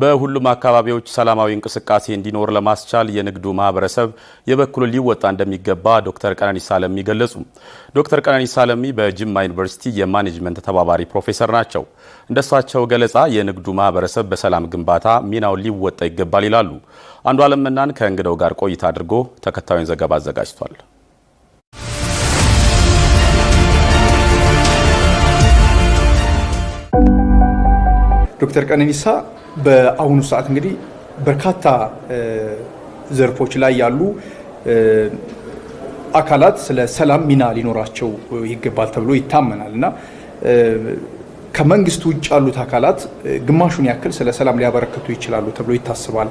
በሁሉም አካባቢዎች ሰላማዊ እንቅስቃሴ እንዲኖር ለማስቻል የንግዱ ማህበረሰብ የበኩሉን ሊወጣ እንደሚገባ ዶክተር ቀነኒሳ አለሚ ገለጹ። ዶክተር ቀነኒሳ አለሚ በጅማ ዩኒቨርሲቲ የማኔጅመንት ተባባሪ ፕሮፌሰር ናቸው። እንደሳቸው ገለጻ የንግዱ ማህበረሰብ በሰላም ግንባታ ሚናውን ሊወጣ ይገባል ይላሉ። አንዱ አለም እናን ከእንግዳው ጋር ቆይታ አድርጎ ተከታዩን ዘገባ አዘጋጅቷል። ዶክተር ቀነኒሳ በአሁኑ ሰዓት እንግዲህ በርካታ ዘርፎች ላይ ያሉ አካላት ስለ ሰላም ሚና ሊኖራቸው ይገባል ተብሎ ይታመናል እና ከመንግስት ውጭ ያሉት አካላት ግማሹን ያክል ስለ ሰላም ሊያበረክቱ ይችላሉ ተብሎ ይታስባል።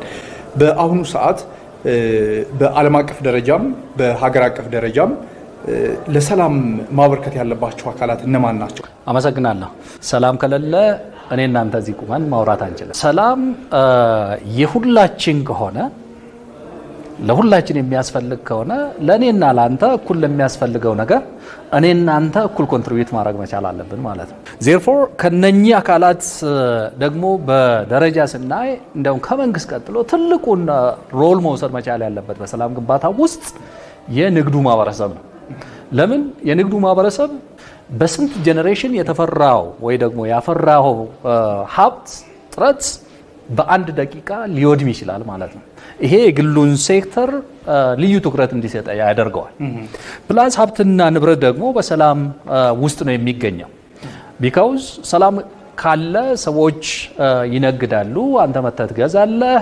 በአሁኑ ሰዓት በዓለም አቀፍ ደረጃም በሀገር አቀፍ ደረጃም ለሰላም ማበርከት ያለባቸው አካላት እነማን ናቸው? አመሰግናለሁ። ሰላም ከሌለ እኔ እናንተ እዚህ ቁመን ማውራት አንችልም። ሰላም የሁላችን ከሆነ ለሁላችን የሚያስፈልግ ከሆነ ለእኔና ለአንተ እኩል ለሚያስፈልገው ነገር እኔና አንተ እኩል ኮንትሪቢዩት ማድረግ መቻል አለብን ማለት ነው። ዜርፎር ከነኚህ አካላት ደግሞ በደረጃ ስናይ እንዲያውም ከመንግስት ቀጥሎ ትልቁን ሮል መውሰድ መቻል ያለበት በሰላም ግንባታ ውስጥ የንግዱ ማህበረሰብ ነው። ለምን የንግዱ ማህበረሰብ በስንት ጀነሬሽን የተፈራው ወይ ደግሞ ያፈራው ሀብት ጥረት በአንድ ደቂቃ ሊወድም ይችላል ማለት ነው። ይሄ የግሉን ሴክተር ልዩ ትኩረት እንዲሰጠ ያደርገዋል። ፕላስ ሀብትና ንብረት ደግሞ በሰላም ውስጥ ነው የሚገኘው። ቢካውዝ ሰላም ካለ ሰዎች ይነግዳሉ፣ አንተ መተት ገዛለህ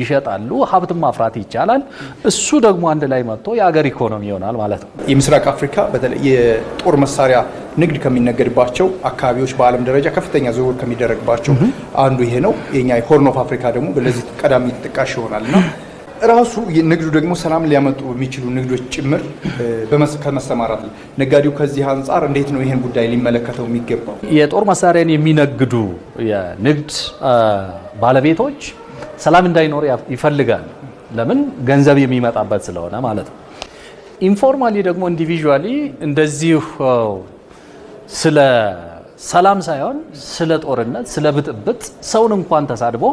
ይሸጣሉ። ሀብት ማፍራት ይቻላል። እሱ ደግሞ አንድ ላይ መጥቶ የአገር ኢኮኖሚ ይሆናል ማለት ነው። የምስራቅ አፍሪካ በተለይ የጦር መሳሪያ ንግድ ከሚነገድባቸው አካባቢዎች በዓለም ደረጃ ከፍተኛ ዝውውር ከሚደረግባቸው አንዱ ይሄ ነው። የኛ የሆርን ኦፍ አፍሪካ ደግሞ በለዚህ ቀዳሚ ተጠቃሽ ይሆናል እና ራሱ ንግዱ ደግሞ ሰላም ሊያመጡ የሚችሉ ንግዶች ጭምር ከመሰማራት ነጋዴው ከዚህ አንጻር እንዴት ነው ይህን ጉዳይ ሊመለከተው የሚገባው? የጦር መሳሪያን የሚነግዱ የንግድ ባለቤቶች ሰላም እንዳይኖር ይፈልጋል። ለምን ገንዘብ የሚመጣበት ስለሆነ ማለት ነው። ኢንፎርማሊ ደግሞ ኢንዲቪዥዋሊ እንደዚህ ስለ ሰላም ሳይሆን ስለ ጦርነት፣ ስለ ብጥብጥ ሰውን እንኳን ተሳድቦ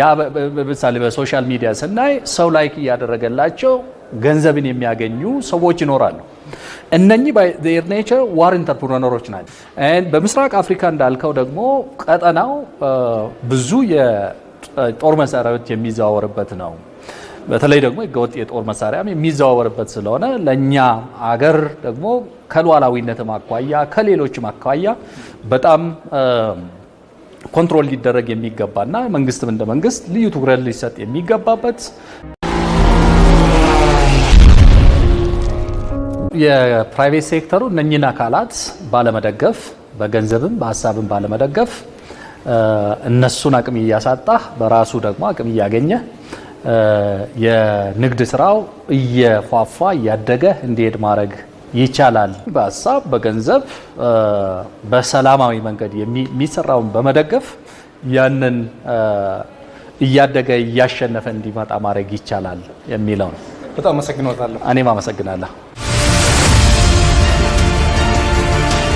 ያ ምሳሌ በሶሻል ሚዲያ ስናይ ሰው ላይክ እያደረገላቸው ገንዘብን የሚያገኙ ሰዎች ይኖራሉ። እነኚህ ር ኔቸር ዋር ኢንተርፕረነሮች ናቸው። በምስራቅ አፍሪካ እንዳልከው ደግሞ ቀጠናው ብዙ ጦር መሳሪያዎች የሚዘዋወርበት ነው። በተለይ ደግሞ ህገወጥ የጦር መሳሪያም የሚዘዋወርበት ስለሆነ ለእኛ አገር ደግሞ ከሉዓላዊነትም አኳያ ከሌሎችም አኳያ በጣም ኮንትሮል ሊደረግ የሚገባና መንግስትም እንደ መንግስት ልዩ ትኩረት ሊሰጥ የሚገባበት የፕራይቬት ሴክተሩ እነኝን አካላት ባለመደገፍ በገንዘብም በሀሳብም ባለመደገፍ እነሱን አቅም እያሳጣህ በራሱ ደግሞ አቅም እያገኘ የንግድ ስራው እየፏፏ እያደገ እንዲሄድ ማድረግ ይቻላል። በሀሳብ በገንዘብ በሰላማዊ መንገድ የሚሰራውን በመደገፍ ያንን እያደገ እያሸነፈ እንዲመጣ ማድረግ ይቻላል የሚለው ነው። በጣም አመሰግኖታለሁ። እኔም አመሰግናለሁ።